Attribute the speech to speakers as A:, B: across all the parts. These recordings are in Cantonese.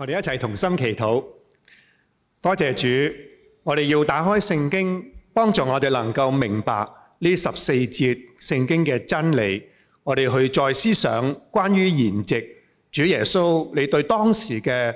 A: 我哋一起同心祈禱，多謝主！我哋要打開聖經，幫助我哋能夠明白呢十四節聖經嘅真理。我哋去再思想關於筵席，主耶穌你對當時嘅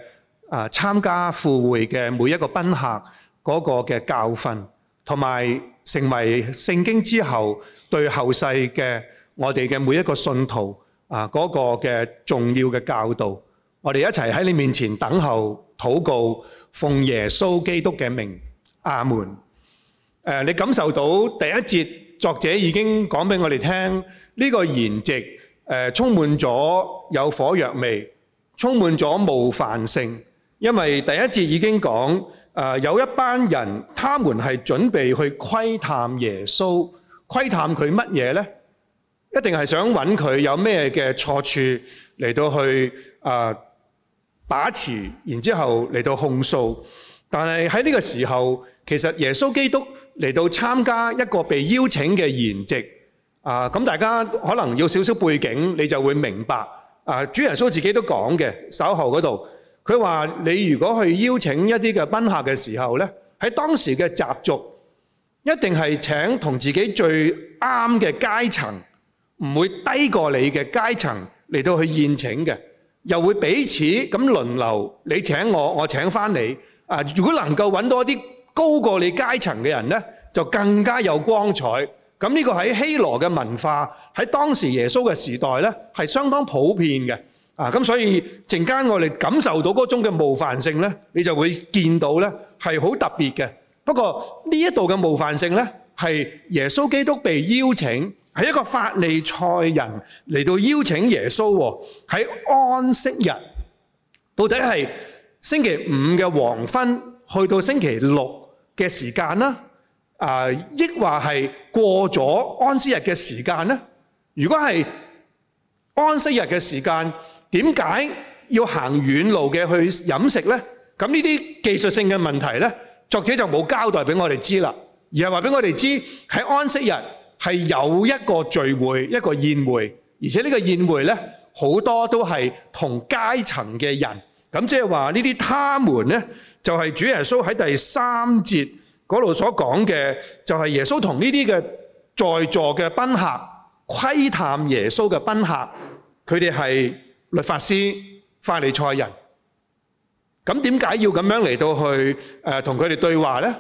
A: 啊參加赴會嘅每一個賓客嗰個嘅教訓，同埋成為聖經之後對後世嘅我哋嘅每一個信徒啊嗰個嘅重要嘅教導。我哋一齊喺你面前等候、禱告，奉耶穌基督嘅名，阿門。誒，你感受到第一節作者已經講俾我哋聽，呢個筵席誒充滿咗有火藥味，充滿咗冒犯性，因為第一節已經講誒有一班人，他們係準備去窺探耶穌，窺探佢乜嘢呢？一定係想揾佢有咩嘅錯處嚟到去誒，把持，然之後嚟到控訴，但係喺呢個時候，其實耶穌基督嚟到參加一個被邀請嘅筵席啊！咁大家可能要少少背景，你就會明白啊！主耶穌自己都講嘅，稍後嗰度，佢話你如果去邀請一啲嘅賓客嘅時候呢，喺當時嘅習俗，一定係請同自己最啱嘅階層，唔會低過你嘅階層嚟到去宴請嘅。又會彼此咁輪流，你請我，我請返你。啊，如果能夠揾到一啲高過你階層嘅人咧，就更加有光彩。咁呢個喺希羅嘅文化，喺當時耶穌嘅時代咧，係相當普遍嘅。啊，咁所以陣間我哋感受到嗰種嘅冒犯性咧，你就會見到咧係好特別嘅。不過呢度嘅冒犯性咧，係耶穌基督被邀請。係一個法利賽人嚟到邀請耶穌喎，喺安息日到底係星期五嘅黃昏去到星期六嘅時間啦，啊，抑或係過咗安息日嘅時間呢？如果係安息日嘅時間，點解要行遠路嘅去飲食呢？咁呢啲技術性嘅問題呢，作者就冇交代俾我哋知啦，而係話俾我哋知喺安息日。係有一個聚會，一個宴會，而且呢個宴會呢，好多都係同階層嘅人。咁即係話呢啲他們呢，就係主耶穌喺第三節嗰度所講嘅，就係耶穌同呢啲嘅在座嘅賓客窺探耶穌嘅賓客，佢哋係律法師、法利賽人。咁點解要咁樣嚟到去誒同佢哋對話呢？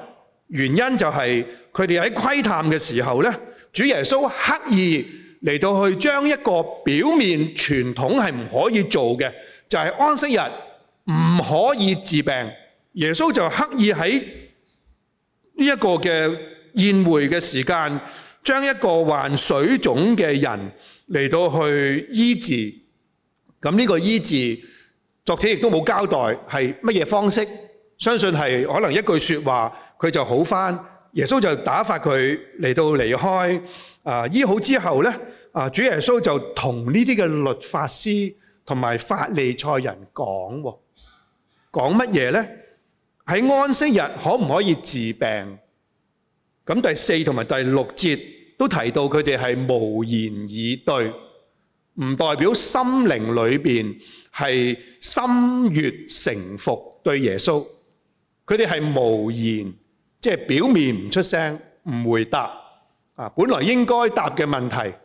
A: 原因就係佢哋喺窺探嘅時候呢。主耶穌刻意嚟到去將一個表面傳統係唔可以做嘅，就係、是、安息日唔可以治病。耶穌就刻意喺呢個個嘅宴會嘅時間，將一個患水腫嘅人嚟到去醫治。那、這、呢個醫治作者亦都冇交代係乜嘢方式，相信係可能一句說話佢就好返。耶穌就打發佢嚟到離開。啊，醫好之後呢啊，主耶穌就同呢啲嘅律法師同埋法利賽人講，講乜嘢呢？喺安息日可唔可以治病？咁第四同埋第六節都提到佢哋係無言以對，唔代表心靈裏面係心悅誠服對耶穌。佢哋係無言。即係表面唔出聲、唔回答啊，本來應該答嘅問題，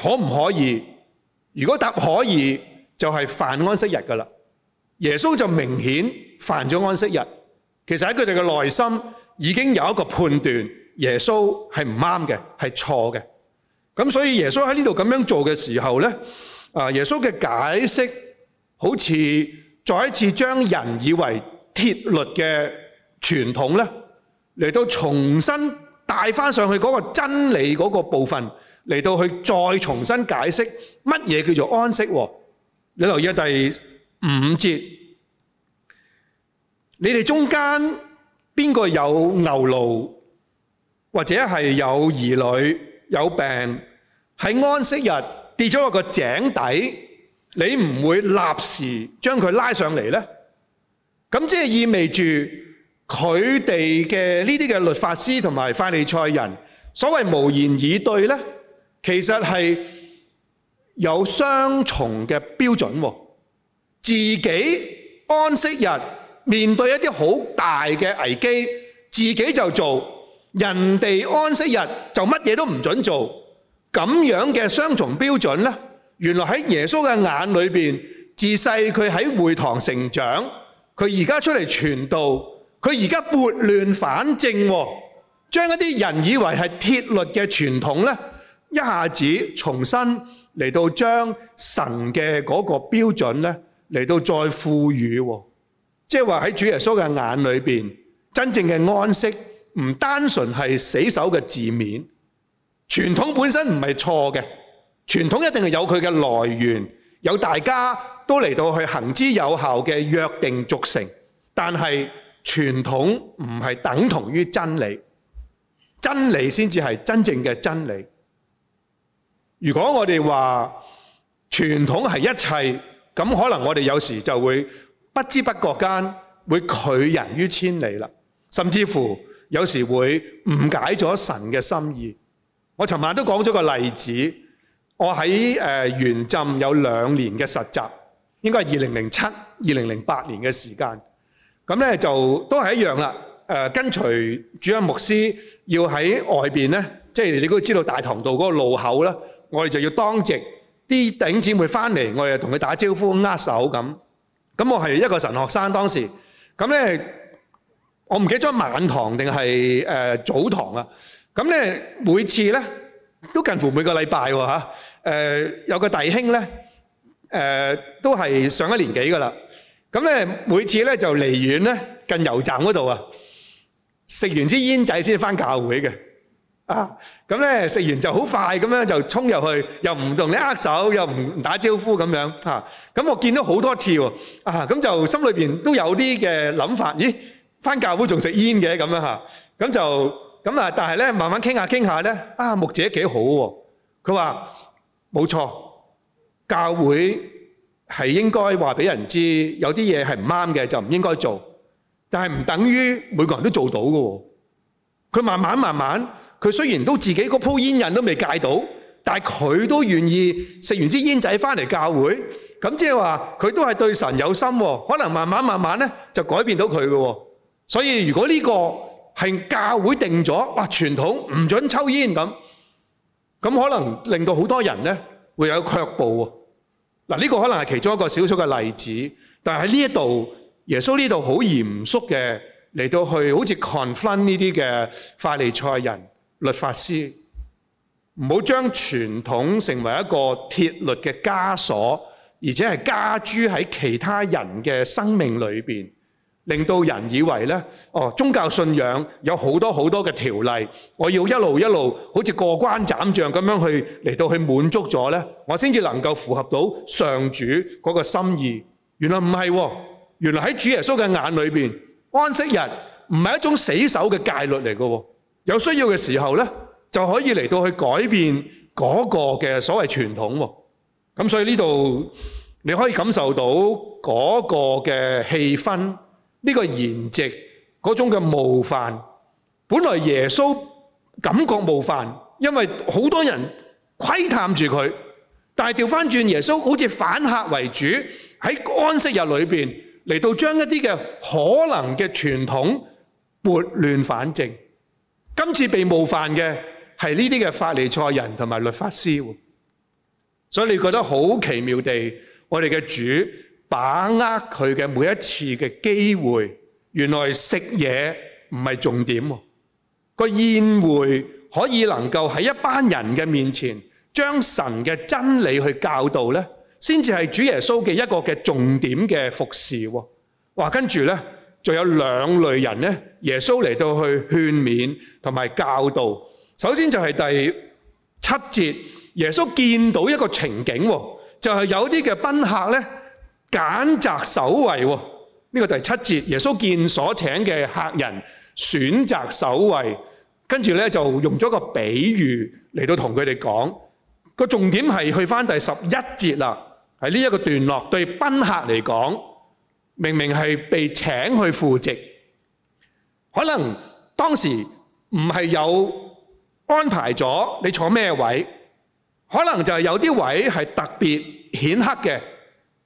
A: 可唔可以？如果答可以，就係犯安息日噶啦。耶穌就明顯犯咗安息日。其實喺佢哋嘅內心已經有一個判斷，耶穌係唔啱嘅，係錯嘅。咁所以耶穌喺呢度咁樣做嘅時候咧，啊，耶穌嘅解釋好似再一次將人以為鐵律嘅。傳統咧，嚟到重新帶翻上去嗰個真理嗰個部分，嚟到去再重新解釋乜嘢叫做安息。你留意下第五節，你哋中間邊個有牛驢，或者係有兒女有病喺安息日跌咗落個井底，你唔會立時將佢拉上嚟咧？咁即係意味住？佢哋嘅呢啲嘅律法師同埋法利賽人，所謂無言以對咧，其實係有雙重嘅標準喎。自己安息日面對一啲好大嘅危機，自己就做；人哋安息日就乜嘢都唔準做。咁樣嘅雙重標準咧，原來喺耶穌嘅眼裏邊，自細佢喺會堂成長，佢而家出嚟傳道。佢而家撥亂反正，將一啲人以為係鐵律嘅傳統呢，一下子重新嚟到將神嘅嗰個標準呢，嚟到再賦予。即係話喺主耶穌嘅眼裏面，真正嘅安息唔單純係死守嘅字面。傳統本身唔係錯嘅，傳統一定係有佢嘅來源，有大家都嚟到去行之有效嘅約定俗成，但係。傳統唔係等同於真理，真理先至係真正嘅真理。如果我哋話傳統係一切，咁可能我哋有時就會不知不覺間會拒人於千里啦，甚至乎有時會誤解咗神嘅心意。我尋晚都講咗個例子，我喺誒元浸有兩年嘅實習，應該係二零零七、二零零八年嘅時間。咁咧就都係一樣啦。誒，跟隨主任牧師要喺外面咧，即係你都知道大堂道嗰個路口啦。我哋就要當值，啲頂姊妹翻嚟，我哋同佢打招呼、握手咁。咁我係一個神學生當時。咁咧，我唔記得咗晚堂定係誒早堂啊。咁咧每次咧都近乎每個禮拜喎嚇。誒有個弟兄咧，誒都係上一年紀㗎喇，咁呢每次呢就離遠呢近油站嗰度啊，食完支煙仔先返教會嘅，啊咁呢食完就好快咁樣就衝入去，又唔同你握手，又唔打招呼咁樣嚇。咁我見到好多次喎，啊咁就心裏面都有啲嘅諗法。咦，返教會仲食煙嘅咁樣嚇？咁就咁啊！但係呢慢慢傾下傾下呢，啊木姐幾好喎。佢話冇錯，教會。係應該話俾人知，有啲嘢係唔啱嘅就唔應該做。但係唔等於每個人都做到嘅喎。佢慢慢慢慢，佢雖然都自己嗰鋪煙癮都未戒到，但係佢都願意食完支煙仔翻嚟教會。咁即係話佢都係對神有心喎。可能慢慢慢慢咧就改變到佢嘅喎。所以如果呢個係教會定咗話傳統唔準抽煙咁，咁可能令到好多人咧會有卻步喎。嗱，呢個可能係其中一個少少嘅例子，但係喺呢度，耶穌呢度好嚴肅嘅嚟到去，好似 confront 呢啲嘅法利賽人律法師，唔好將傳統成為一個鐵律嘅枷鎖，而且係加諸喺其他人嘅生命裏面。令到人以為呢，哦，宗教信仰有好多好多嘅條例，我要一路一路好似過關斬將咁樣去嚟到去滿足咗呢，我先至能夠符合到上主嗰個心意。原來唔係喎，原來喺主耶穌嘅眼裏邊，安息日唔係一種死守嘅戒律嚟嘅。有需要嘅時候呢，就可以嚟到去改變嗰個嘅所謂傳統喎。咁所以呢度你可以感受到嗰個嘅氣氛。呢、這個筵席嗰種嘅冒犯，本來耶穌感覺冒犯，因為好多人窺探住佢，但係調翻轉耶穌好似反客為主，喺安息日裏面嚟到將一啲嘅可能嘅傳統撥亂反正。今次被冒犯嘅係呢啲嘅法利賽人同埋律法師喎，所以你覺得好奇妙地，我哋嘅主。把握佢嘅每一次嘅機會，原來食嘢唔係重點喎。個宴會可以能夠喺一班人嘅面前將神嘅真理去教導咧，先至係主耶穌嘅一個嘅重點嘅服侍喎。哇，跟住咧就有兩類人咧，耶穌嚟到去勸勉同埋教導。首先就係第七節，耶穌見到一個情景，就係有啲嘅賓客咧。揀擇首位呢，這個第七節，耶穌見所請嘅客人選擇首位，跟住呢就用咗個比喻嚟到同佢哋講，個重點係去返第十一節啦。喺呢一個段落對賓客嚟講，明明係被請去赴席，可能當時唔係有安排咗你坐咩位，可能就係有啲位係特別顯赫嘅。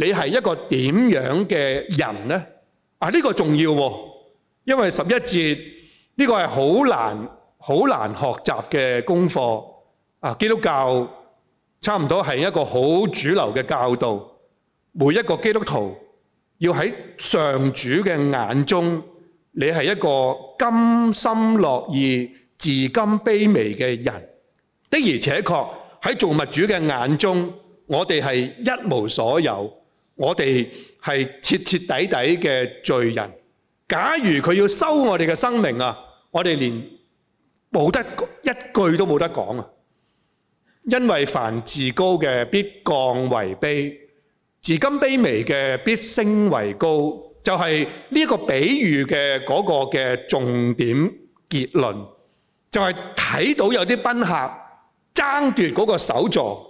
A: 你係一個點樣嘅人呢？啊，呢個重要，因為十一節呢個係好難、好難學習嘅功課。啊，基督教差唔多係一個好主流嘅教導，每一個基督徒要喺上主嘅眼中，你係一個甘心樂意、自甘卑微嘅人。的而且確喺造物主嘅眼中，我哋係一無所有。我哋係徹徹底底嘅罪人。假如佢要收我哋嘅生命啊，我哋連冇得一句都冇得講啊。因為凡自高嘅必降為卑，自甘卑微嘅必升為高。就係呢個比喻嘅嗰個嘅重點結論，就係睇到有啲賓客爭奪嗰個首座。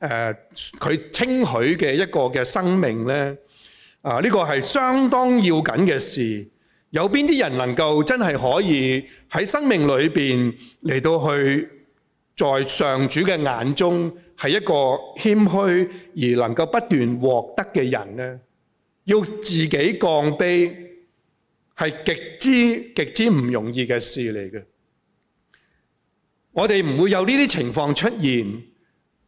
A: 誒佢稱許嘅一個嘅生命呢，啊呢個係相當要緊嘅事。有邊啲人能夠真係可以喺生命裏面嚟到去，在上主嘅眼中係一個謙虛而能夠不斷獲得嘅人呢？要自己降卑，係極之極之唔容易嘅事嚟嘅。我哋唔會有呢啲情況出現。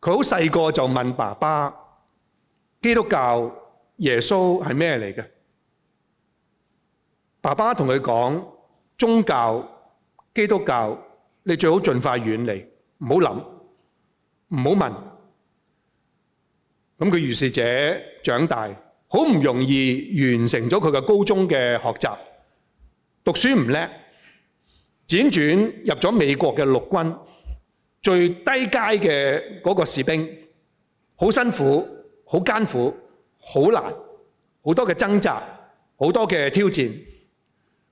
A: 佢好細個就問爸爸：基督教耶穌係咩嚟嘅？爸爸同佢講：宗教基督教你最好盡快遠離，唔好諗，唔好問。咁佢如是者長大，好唔容易完成咗佢嘅高中嘅學習，讀書唔叻，輾轉入咗美國嘅陸軍。最低階嘅嗰個士兵，好辛苦、好艱苦、好難，好多嘅掙扎，好多嘅挑戰。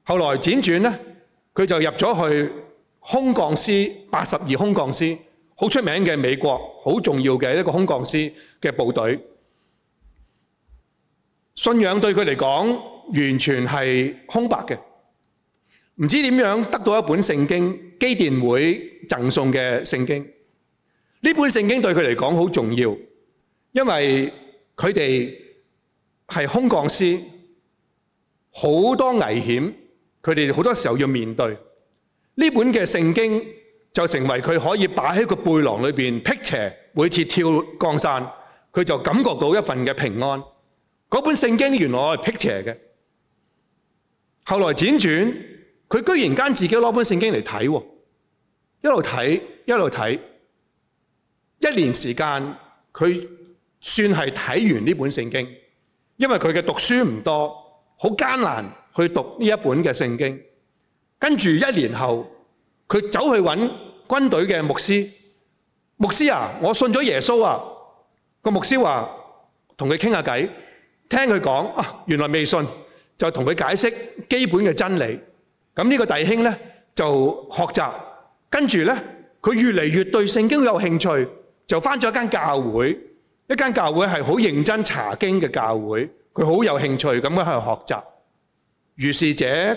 A: 後來輾轉呢，佢就入咗去空降師，八十二空降師，好出名嘅美國，好重要嘅一個空降師嘅部隊。信仰對佢嚟講，完全係空白嘅。唔知點樣得到一本聖經，基甸會贈送嘅聖經。呢本聖經對佢嚟講好重要，因為佢哋係空降師，好多危險，佢哋好多時候要面對。呢本嘅聖經就成為佢可以擺喺個背囊裏邊辟邪，每次跳降山，佢就感覺到一份嘅平安。嗰本聖經原來係辟邪嘅，後來輾轉。佢居然間自己攞本聖經嚟睇，一路睇一路睇，一年時間佢算係睇完呢本聖經，因為佢嘅讀書唔多，好艱難去讀呢一本嘅聖經。跟住一年後，佢走去揾軍隊嘅牧師，牧師啊，我信咗耶穌啊。個牧師話同佢傾下偈，聽佢講，啊，原來未信，就同佢解釋基本嘅真理。咁呢個弟兄咧就學習，跟住咧佢越嚟越對聖經有興趣，就返咗一間教會，一間教會係好認真查經嘅教會，佢好有興趣咁喺度學習。如是者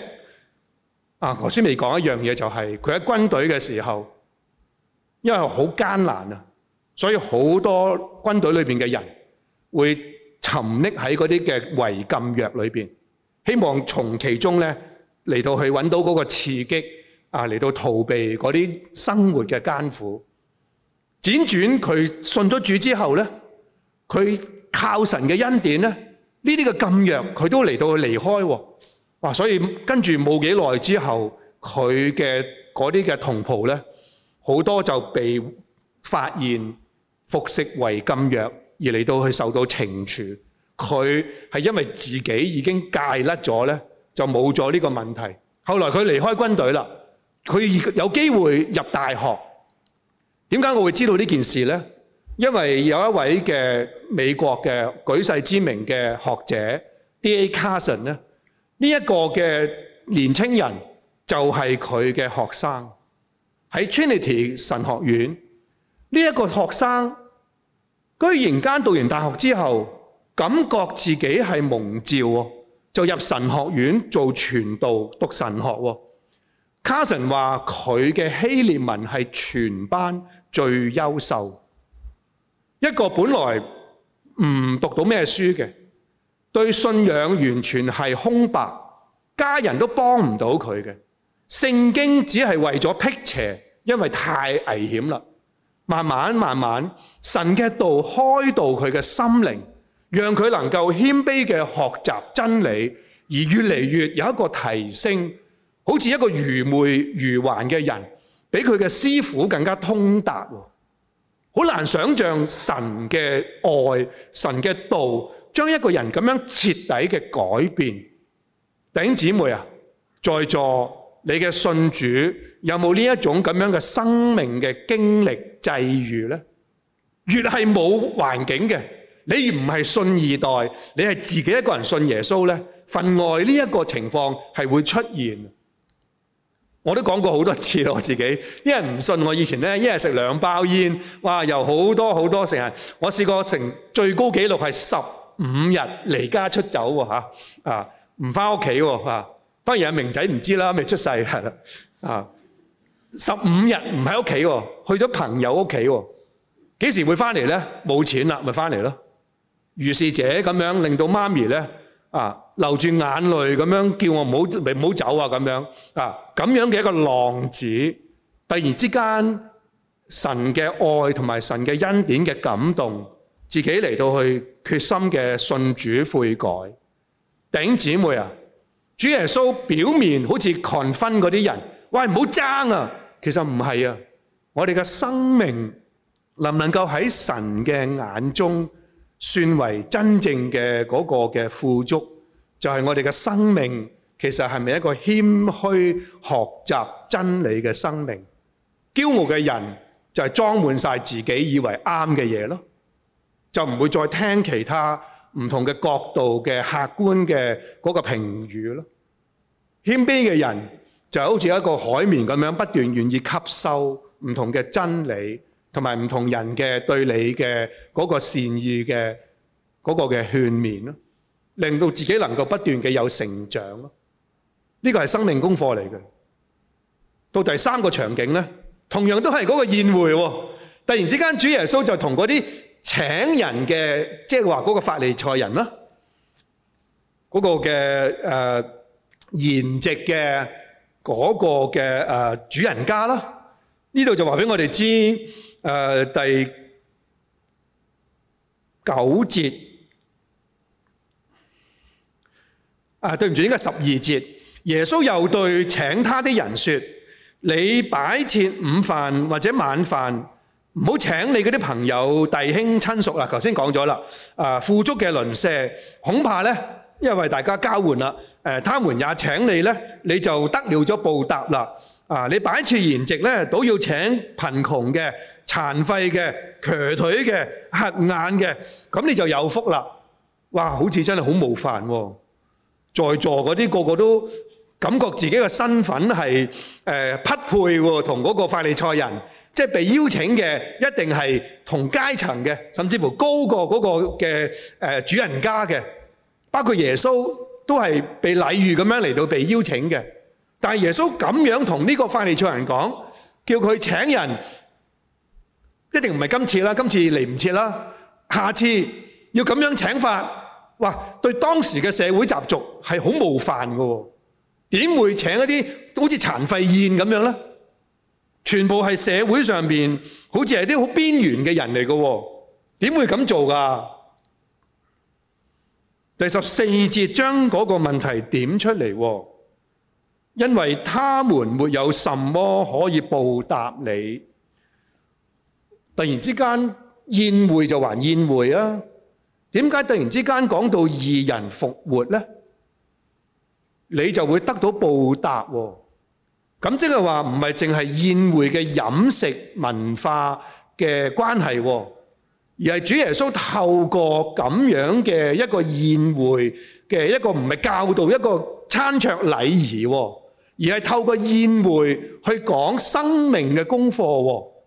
A: 啊，頭先未講一樣嘢，就係佢喺軍隊嘅時候，因為好艱難啊，所以好多軍隊裏邊嘅人會沉溺喺嗰啲嘅違禁藥裏邊，希望從其中咧。嚟到去揾到那個刺激啊！嚟到逃避那啲生活嘅艱苦，輾轉，佢信咗主之後咧，佢靠神嘅恩典咧，呢啲嘅禁藥，佢都嚟到去離開，哇！所以跟住冇幾耐之後，佢嘅那啲嘅同袍咧，好多就被發現服食為禁藥，而嚟到去受到懲處，佢係因為自己已經戒甩咗咧。就冇咗呢個問題。後來佢離開軍隊啦，佢有機會入大學。點解我會知道呢件事呢？因為有一位嘅美國嘅舉世知名嘅學者 D.A. Carson 呢呢一個嘅年輕人就係佢嘅學生，喺 Trinity 神學院呢一個學生，居然間讀完大學之後，感覺自己係蒙召喎、哦。就入神學院做傳道，讀神學。卡神話佢嘅希臘文係全班最優秀，一個本來唔讀到咩書嘅，對信仰完全係空白，家人都幫唔到佢嘅。聖經只係為咗辟邪，因為太危險啦。慢慢慢慢，神嘅道開導佢嘅心靈，讓佢能夠謙卑嘅學習真理，而越嚟越有一個提升，好似一個愚昧愚頑嘅人，比佢嘅師傅更加通達，好難想象神嘅愛、神嘅道，將一個人咁樣徹底嘅改變。弟兄姊妹啊，在座你嘅信主有冇呢一種咁樣嘅生命嘅經歷際遇呢？越係冇環境嘅。你唔係信二代，你係自己一個人信耶穌呢。份外呢一個情況係會出現。我都講過好多次了我自己，因為唔信我。以前呢一日食兩包煙，哇，又好多好多成日。我試過成最高紀錄係十五日離家出走喎，啊，唔返屋企喎，吓、啊。當然阿明仔唔知啦，未出世啊，十五日唔喺屋企喎，去咗朋友屋企喎，幾時會返嚟呢？冇錢啦，咪返嚟咯。如是者咁樣，令到媽咪呢，啊流住眼淚咁樣，叫我唔好唔好走啊咁樣，啊咁樣嘅一個浪子，突然之間神嘅愛同埋神嘅恩典嘅感動，自己嚟到去決心嘅信主悔改。頂姊妹啊，主耶穌表面好似群分嗰啲人，喂唔好爭啊，其實唔係啊，我哋嘅生命能唔能夠喺神嘅眼中？算為真正嘅嗰個嘅富足，就係我哋嘅生命其實係咪一個謙虛學習真理嘅生命？驕傲嘅人就係裝滿晒自己以為啱嘅嘢咯，就唔會再聽其他唔同嘅角度嘅客觀嘅嗰個評語咯。謙卑嘅人就好似一個海綿咁樣，不斷願意吸收唔同嘅真理。同埋唔同人嘅對你嘅嗰個善意嘅嗰個嘅勸勉咯，令到自己能夠不斷嘅有成長咯。呢個係生命功課嚟嘅。到第三個場景咧，同樣都係嗰個宴會喎。突然之間，主耶穌就同嗰啲請人嘅，即係話嗰個法利賽人啦，嗰個嘅誒筵席嘅嗰個嘅誒主人家啦，呢度就話俾我哋知。誒、呃、第九節啊，對唔住，應該十二節。耶穌又對請他的人説：你擺設午飯或者晚飯，唔好請你嗰啲朋友、弟兄、親屬啦。頭先講咗啦，啊，富足嘅鄰舍恐怕呢，因為大家交換啦，誒、啊，他們也請你呢，你就得了咗報答啦。啊，你擺設筵席呢，都要請貧窮嘅。殘廢嘅、瘸腿嘅、瞎眼嘅，咁你就有福啦！哇，好似真係好冒犯喎、哦！在座嗰啲個個都感覺自己嘅身份係、呃、匹配喎，同嗰個法利賽人，即係被邀請嘅一定係同階層嘅，甚至乎高過嗰個嘅、呃、主人家嘅，包括耶穌都係被禮遇咁樣嚟到被邀請嘅。但係耶穌咁樣同呢個法利賽人講，叫佢請人。一定唔係今次啦，今次嚟唔切啦。下次要咁樣請法，哇！對當時嘅社會習俗係好冒犯噶，點會請一啲好似殘廢宴咁樣呢？全部係社會上面，好似係啲好邊緣嘅人嚟噶，點會咁做噶第十四節將嗰個問題點出嚟，因為他們沒有什麼可以報答你。突然之間宴會就還宴會啊？點解突然之間講到義人復活咧？你就會得到報答喎。咁即係話唔係淨係宴會嘅飲食文化嘅關係，而係主耶穌透過咁樣嘅一個宴會嘅一個唔係教導一個餐桌禮儀，而係透過宴會去講生命嘅功課喎。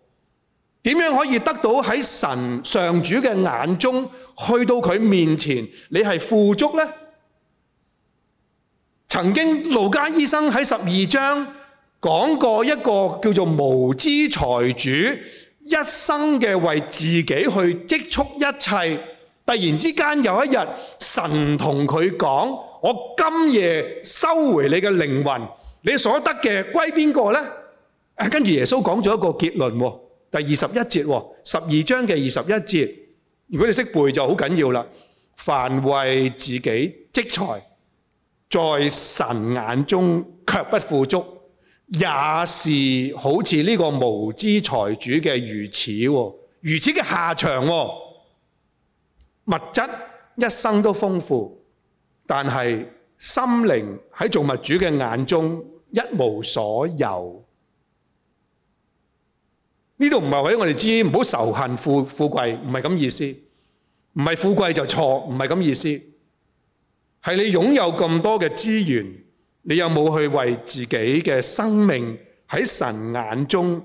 A: 點樣可以得到喺神上主嘅眼中去到佢面前？你係富足呢？曾經路加醫生喺十二章講過一個叫做無知財主，一生嘅為自己去積蓄一切，突然之間有一日，神同佢講：我今夜收回你嘅靈魂，你所得嘅歸邊個呢？誒，跟住耶穌講咗一個結論喎。第二十一節，十二章嘅二十一節，如果你識背就好緊要喇。凡為自己積財，在神眼中卻不富足，也是好似呢個無知財主嘅如此，如此嘅下場。物質一生都豐富，但係心靈喺造物主嘅眼中一無所有。呢度唔係話俾我哋知唔好仇恨富貴富貴，唔係咁意思，唔係富貴就錯，唔係咁意思，係你擁有咁多嘅資源，你有冇去為自己嘅生命喺神眼中，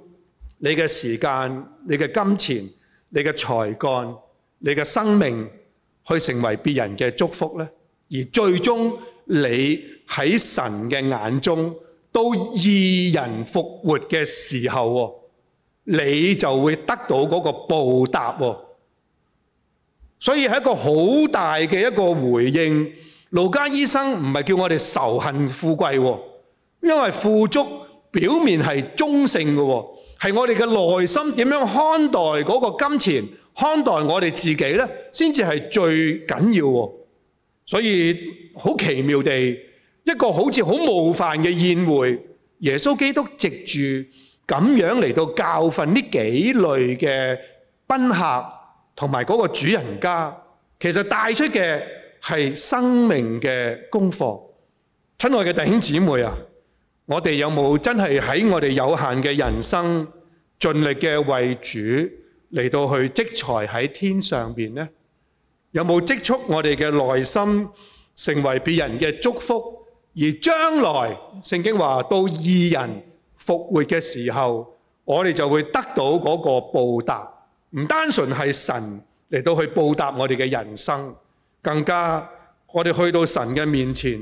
A: 你嘅時間、你嘅金錢、你嘅才幹、你嘅生命，去成為別人嘅祝福咧？而最終你喺神嘅眼中，到義人復活嘅時候。你就會得到嗰個報答喎，所以係一個好大嘅一個回應。路加醫生唔係叫我哋仇恨富貴喎，因為富足表面係中性嘅喎，係我哋嘅內心點樣看待嗰個金錢，看待我哋自己呢，先至係最緊要。所以好奇妙地一個好似好冒犯嘅宴會，耶穌基督藉住。咁樣嚟到教訓呢幾類嘅賓客同埋嗰個主人家，其實帶出嘅係生命嘅功課。親愛嘅弟兄姊妹啊，我哋有冇真係喺我哋有限嘅人生盡力嘅為主嚟到去積財喺天上邊呢？有冇積蓄我哋嘅內心成為別人嘅祝福？而將來聖經話到義人，復活嘅時候，我哋就會得到嗰個報答，唔單純係神嚟到去報答我哋嘅人生，更加我哋去到神嘅面前，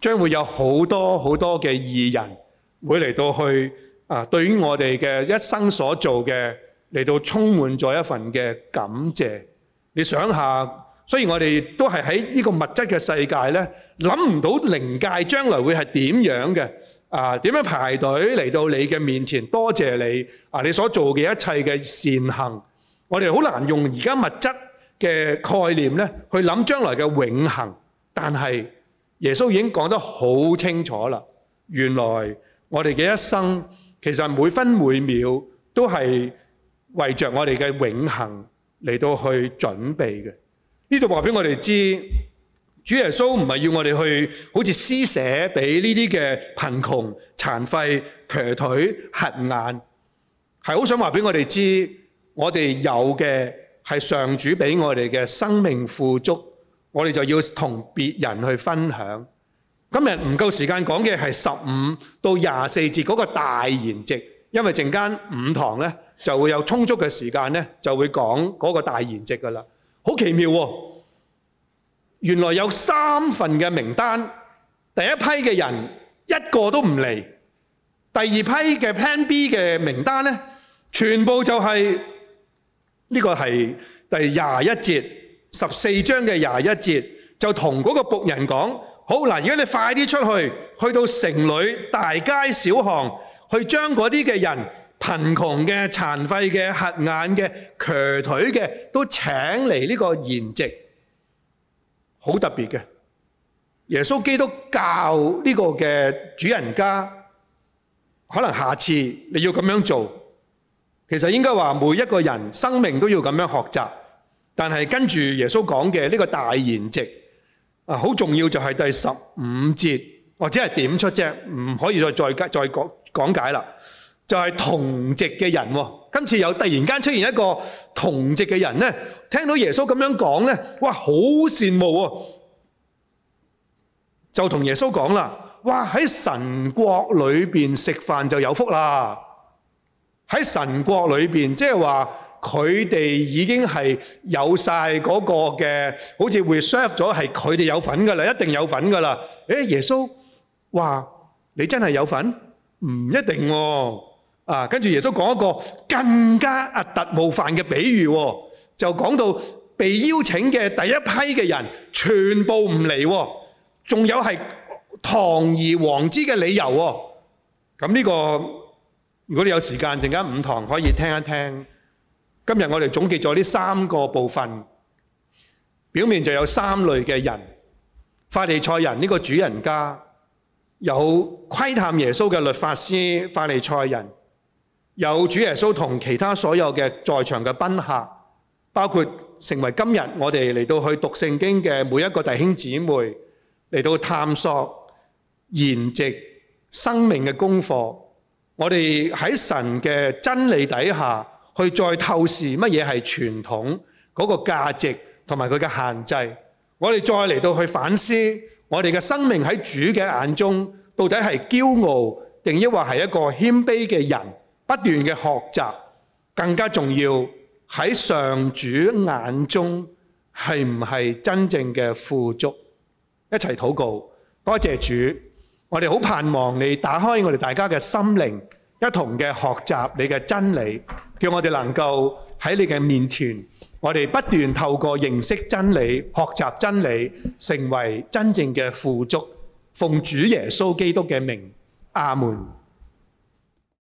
A: 將會有好多好多嘅義人會嚟到去啊！對於我哋嘅一生所做嘅嚟到充滿咗一份嘅感謝。你想下，雖然我哋都係喺呢個物質嘅世界呢，諗唔到靈界將來會係點樣嘅。啊！點樣排隊嚟到你嘅面前？多謝你啊！你所做嘅一切嘅善行，我哋好難用而家物質嘅概念呢，去諗將來嘅永恆。但係耶穌已經講得好清楚啦，原來我哋嘅一生其實每分每秒都係為著我哋嘅永恆嚟到去準備嘅。呢度話俾我哋知。主耶穌唔係要我哋去好似施捨俾呢啲嘅貧窮、殘廢、瘸腿、瞎眼，係好想話俾我哋知，我哋有嘅係上主俾我哋嘅生命富足，我哋就要同別人去分享。今日唔夠時間講嘅係十五到廿四節嗰個大筵席，因為陣間五堂呢就會有充足嘅時間呢就會講嗰個大筵席㗎啦，好奇妙喎，啊！原來有三份嘅名單，第一批嘅人一個都唔嚟，第二批嘅 Plan B 嘅名單呢，全部就係呢個係第廿一節十四章嘅廿一節，就同嗰個僕人講，好嗱，而家你快啲出去，去到城裏大街小巷，去將嗰啲嘅人貧窮嘅、殘廢嘅、瞎眼嘅、瘸腿嘅，都請嚟呢個筵席。好特別嘅，耶穌基督教呢個嘅主人家，可能下次你要咁樣做，其實應該話每一個人生命都要咁樣學習，但係跟住耶穌講嘅呢個大筵席啊，好重要就係第十五節，或者係點出啫，唔可以再再再講講解啦。就係、是、同席嘅人、哦、今次又突然間出現一個同席嘅人咧，聽到耶穌咁樣講咧，哇，好羨慕喎、哦，就同耶穌講啦，哇，喺神國裏面食飯就有福啦，喺神國裏面，即係話佢哋已經係有晒嗰個嘅，好似 reserve 咗係佢哋有份㗎啦，一定有份㗎啦。誒、欸，耶穌話你真係有份？唔一定喎、哦。啊，跟住耶穌講一個更加阿特冒犯嘅比喻、哦，就講到被邀請嘅第一批嘅人全部唔嚟、哦，仲有係堂而皇之嘅理由、哦。咁、這、呢個如果你有時間，陣間午堂可以聽一聽。今日我哋總結咗呢三個部分，表面就有三類嘅人：法利賽人呢個主人家，有窺探耶穌嘅律法師、法利賽人。有主耶穌同其他所有嘅在場嘅賓客，包括成為今日我哋嚟到去讀聖經嘅每一個弟兄姊妹，嚟到探索延續生命嘅功課。我哋喺神嘅真理底下去再透視乜嘢係傳統嗰個價值同埋佢嘅限制。我哋再嚟到去反思，我哋嘅生命喺主嘅眼中到底係驕傲定抑或係一個謙卑嘅人？不斷嘅學習更加重要，喺上主眼中係唔係真正嘅富足？一齊禱告，多謝主，我哋好盼望你打開我哋大家嘅心靈，一同嘅學習你嘅真理，叫我哋能夠喺你嘅面前，我哋不斷透過認識真理、學習真理，成為真正嘅富足。奉主耶穌基督嘅名，阿門。